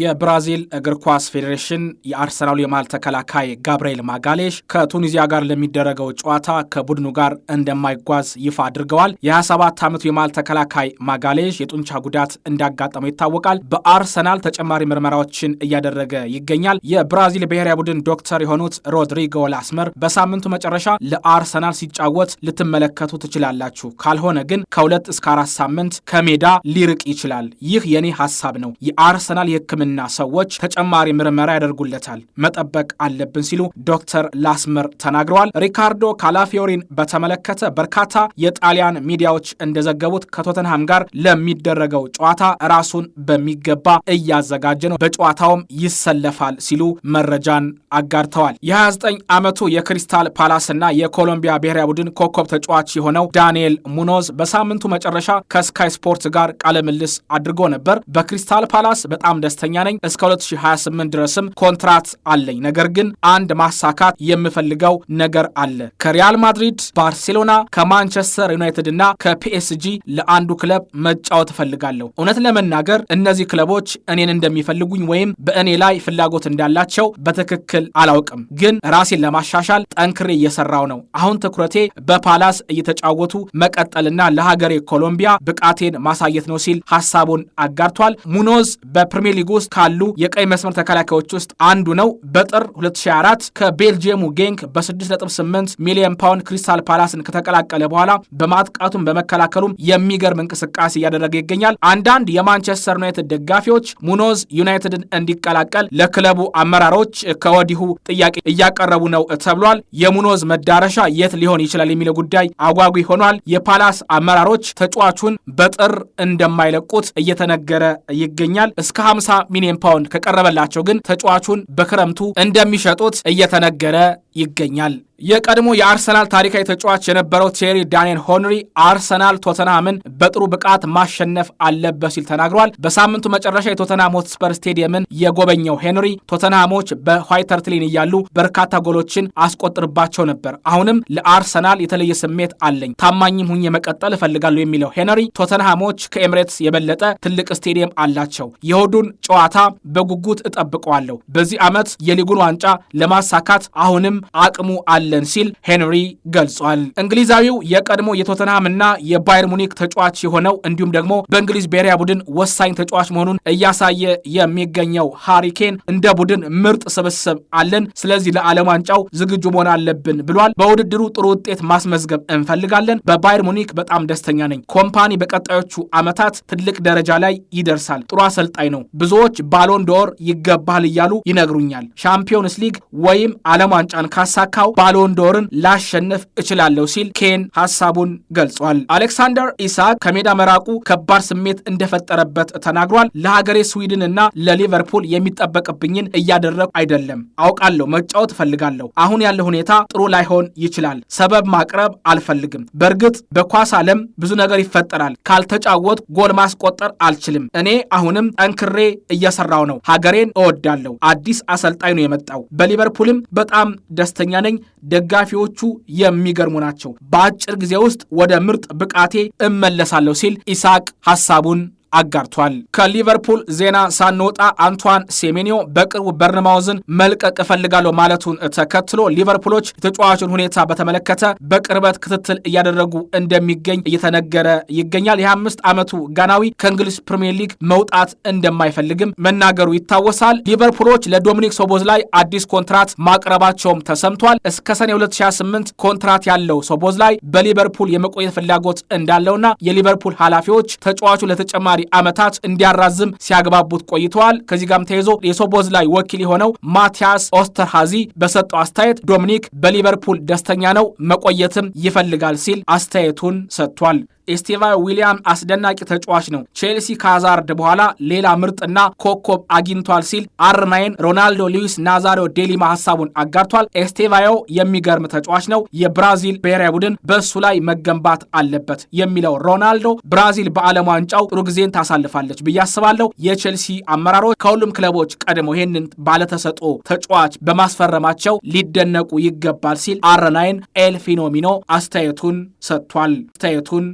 የብራዚል እግር ኳስ ፌዴሬሽን የአርሰናሉ የመሃል ተከላካይ ጋብርኤል ማጋሌሽ ከቱኒዚያ ጋር ለሚደረገው ጨዋታ ከቡድኑ ጋር እንደማይጓዝ ይፋ አድርገዋል። የ27 ዓመቱ የመሃል ተከላካይ ማጋሌሽ የጡንቻ ጉዳት እንዳጋጠመው ይታወቃል። በአርሰናል ተጨማሪ ምርመራዎችን እያደረገ ይገኛል። የብራዚል ብሔራዊ ቡድን ዶክተር የሆኑት ሮድሪጎ ላስመር በሳምንቱ መጨረሻ ለአርሰናል ሲጫወት ልትመለከቱ ትችላላችሁ፣ ካልሆነ ግን ከሁለት እስከ አራት ሳምንት ከሜዳ ሊርቅ ይችላል። ይህ የኔ ሀሳብ ነው። የአርሰናል የህክምና ሕክምና ሰዎች ተጨማሪ ምርመራ ያደርጉለታል፣ መጠበቅ አለብን ሲሉ ዶክተር ላስመር ተናግረዋል። ሪካርዶ ካላፊዮሪን በተመለከተ በርካታ የጣሊያን ሚዲያዎች እንደዘገቡት ከቶተንሃም ጋር ለሚደረገው ጨዋታ ራሱን በሚገባ እያዘጋጀ ነው፣ በጨዋታውም ይሰለፋል ሲሉ መረጃን አጋርተዋል። የ29 ዓመቱ የክሪስታል ፓላስና የኮሎምቢያ ብሔራዊ ቡድን ኮከብ ተጫዋች የሆነው ዳንኤል ሙኖዝ በሳምንቱ መጨረሻ ከስካይ ስፖርት ጋር ቃለ ምልስ አድርጎ ነበር። በክሪስታል ፓላስ በጣም ደስተኛ ፈቃደኛ ነኝ እስከ 2028 ድረስም ኮንትራት አለኝ። ነገር ግን አንድ ማሳካት የምፈልገው ነገር አለ። ከሪያል ማድሪድ፣ ባርሴሎና፣ ከማንቸስተር ዩናይትድ እና ከፒኤስጂ ለአንዱ ክለብ መጫወት እፈልጋለሁ። እውነት ለመናገር እነዚህ ክለቦች እኔን እንደሚፈልጉኝ ወይም በእኔ ላይ ፍላጎት እንዳላቸው በትክክል አላውቅም፣ ግን ራሴን ለማሻሻል ጠንክሬ እየሰራው ነው። አሁን ትኩረቴ በፓላስ እየተጫወቱ መቀጠልና ለሀገሬ ኮሎምቢያ ብቃቴን ማሳየት ነው ሲል ሀሳቡን አጋርቷል። ሙኖዝ በፕሪሚየር ሊጉ ውስጥ ካሉ የቀይ መስመር ተከላካዮች ውስጥ አንዱ ነው። በጥር 2024 ከቤልጅየሙ ጌንክ በ6.8 ሚሊዮን ፓውንድ ክሪስታል ፓላስን ከተቀላቀለ በኋላ በማጥቃቱም በመከላከሉም የሚገርም እንቅስቃሴ እያደረገ ይገኛል። አንዳንድ የማንቸስተር ዩናይትድ ደጋፊዎች ሙኖዝ ዩናይትድን እንዲቀላቀል ለክለቡ አመራሮች ከወዲሁ ጥያቄ እያቀረቡ ነው ተብሏል። የሙኖዝ መዳረሻ የት ሊሆን ይችላል የሚለው ጉዳይ አጓጊ ሆኗል። የፓላስ አመራሮች ተጫዋቹን በጥር እንደማይለቁት እየተነገረ ይገኛል። እስከ 50 ሚሊዮን ፓውንድ ከቀረበላቸው ግን ተጫዋቹን በክረምቱ እንደሚሸጡት እየተነገረ ይገኛል። የቀድሞ የአርሰናል ታሪካዊ ተጫዋች የነበረው ቴሪ ዳንኤል ሆንሪ አርሰናል ቶተናምን በጥሩ ብቃት ማሸነፍ አለበት ሲል ተናግሯል። በሳምንቱ መጨረሻ የቶተንሃም ሆትስፐር ስቴዲየምን የጎበኘው ሄንሪ ቶተናሞች በኋይተርትሊን እያሉ በርካታ ጎሎችን አስቆጥርባቸው ነበር፣ አሁንም ለአርሰናል የተለየ ስሜት አለኝ፣ ታማኝም ሁኜ መቀጠል እፈልጋለሁ የሚለው ሄንሪ ቶተንሃሞች ከኤምሬትስ የበለጠ ትልቅ ስቴዲየም አላቸው፣ የሆዱን ጨዋታ በጉጉት እጠብቀዋለሁ፣ በዚህ ዓመት የሊጉን ዋንጫ ለማሳካት አሁንም አቅሙ አለን ሲል ሄንሪ ገልጿል። እንግሊዛዊው የቀድሞ የቶተንሃም እና የባየር ሙኒክ ተጫዋች የሆነው እንዲሁም ደግሞ በእንግሊዝ ብሔራዊ ቡድን ወሳኝ ተጫዋች መሆኑን እያሳየ የሚገኘው ሃሪኬን እንደ ቡድን ምርጥ ስብስብ አለን፣ ስለዚህ ለዓለም ዋንጫው ዝግጁ መሆን አለብን ብሏል። በውድድሩ ጥሩ ውጤት ማስመዝገብ እንፈልጋለን። በባየር ሙኒክ በጣም ደስተኛ ነኝ። ኮምፓኒ በቀጣዮቹ ዓመታት ትልቅ ደረጃ ላይ ይደርሳል። ጥሩ አሰልጣኝ ነው። ብዙዎች ባሎን ዶር ይገባል እያሉ ይነግሩኛል። ሻምፒዮንስ ሊግ ወይም ዓለም ዋንጫን ካሳካው ባሎንዶርን ላሸንፍ እችላለሁ ሲል ኬን ሀሳቡን ገልጿል። አሌክሳንደር ኢሳክ ከሜዳ መራቁ ከባድ ስሜት እንደፈጠረበት ተናግሯል። ለሀገሬ ስዊድን እና ለሊቨርፑል የሚጠበቅብኝን እያደረግኩ አይደለም። አውቃለሁ፣ መጫወት እፈልጋለሁ። አሁን ያለ ሁኔታ ጥሩ ላይሆን ይችላል። ሰበብ ማቅረብ አልፈልግም። በእርግጥ በኳስ ዓለም ብዙ ነገር ይፈጠራል። ካልተጫወት ጎል ማስቆጠር አልችልም። እኔ አሁንም ጠንክሬ እየሰራው ነው። ሀገሬን እወዳለሁ። አዲስ አሰልጣኝ ነው የመጣው። በሊቨርፑልም በጣም ደስተኛ ነኝ። ደጋፊዎቹ የሚገርሙ ናቸው። በአጭር ጊዜ ውስጥ ወደ ምርጥ ብቃቴ እመለሳለሁ ሲል ኢሳቅ ሐሳቡን አጋርቷል። ከሊቨርፑል ዜና ሳንወጣ አንቷን ሴሜኒዮ በቅርቡ በርንማውዝን መልቀቅ እፈልጋለሁ ማለቱን ተከትሎ ሊቨርፑሎች የተጫዋቹን ሁኔታ በተመለከተ በቅርበት ክትትል እያደረጉ እንደሚገኝ እየተነገረ ይገኛል። የ25 ዓመቱ ጋናዊ ከእንግሊዝ ፕሪምየር ሊግ መውጣት እንደማይፈልግም መናገሩ ይታወሳል። ሊቨርፑሎች ለዶሚኒክ ሶቦዝ ላይ አዲስ ኮንትራት ማቅረባቸውም ተሰምቷል። እስከ ሰኔ 2028 ኮንትራት ያለው ሶቦዝ ላይ በሊቨርፑል የመቆየት ፍላጎት እንዳለውና የሊቨርፑል ኃላፊዎች ተጫዋቹ ለተጨማሪ ዓመታት እንዲያራዝም ሲያግባቡት ቆይተዋል። ከዚህ ጋም ተይዞ የሶቦዝ ላይ ወኪል የሆነው ማቲያስ ኦስተርሃዚ በሰጠው አስተያየት ዶሚኒክ በሊቨርፑል ደስተኛ ነው፣ መቆየትም ይፈልጋል ሲል አስተያየቱን ሰጥቷል። ኤስቴቫ ዊሊያም አስደናቂ ተጫዋች ነው። ቼልሲ ካዛርድ በኋላ ሌላ ምርጥና ኮከብ አግኝቷል ሲል አርማይን ሮናልዶ ሉዊስ ናዛሪዮ ዴሊማ ሀሳቡን አጋርቷል። ኤስቴቫዮ የሚገርም ተጫዋች ነው። የብራዚል ብሔራዊ ቡድን በእሱ ላይ መገንባት አለበት የሚለው ሮናልዶ ብራዚል በዓለም ዋንጫው ጥሩ ጊዜን ታሳልፋለች ብዬ አስባለሁ። የቼልሲ አመራሮች ከሁሉም ክለቦች ቀድሞ ይህንን ባለተሰጦ ተጫዋች በማስፈረማቸው ሊደነቁ ይገባል ሲል አርናይን ኤልፊኖሚኖ አስተያየቱን ሰጥቷል። አስተያየቱን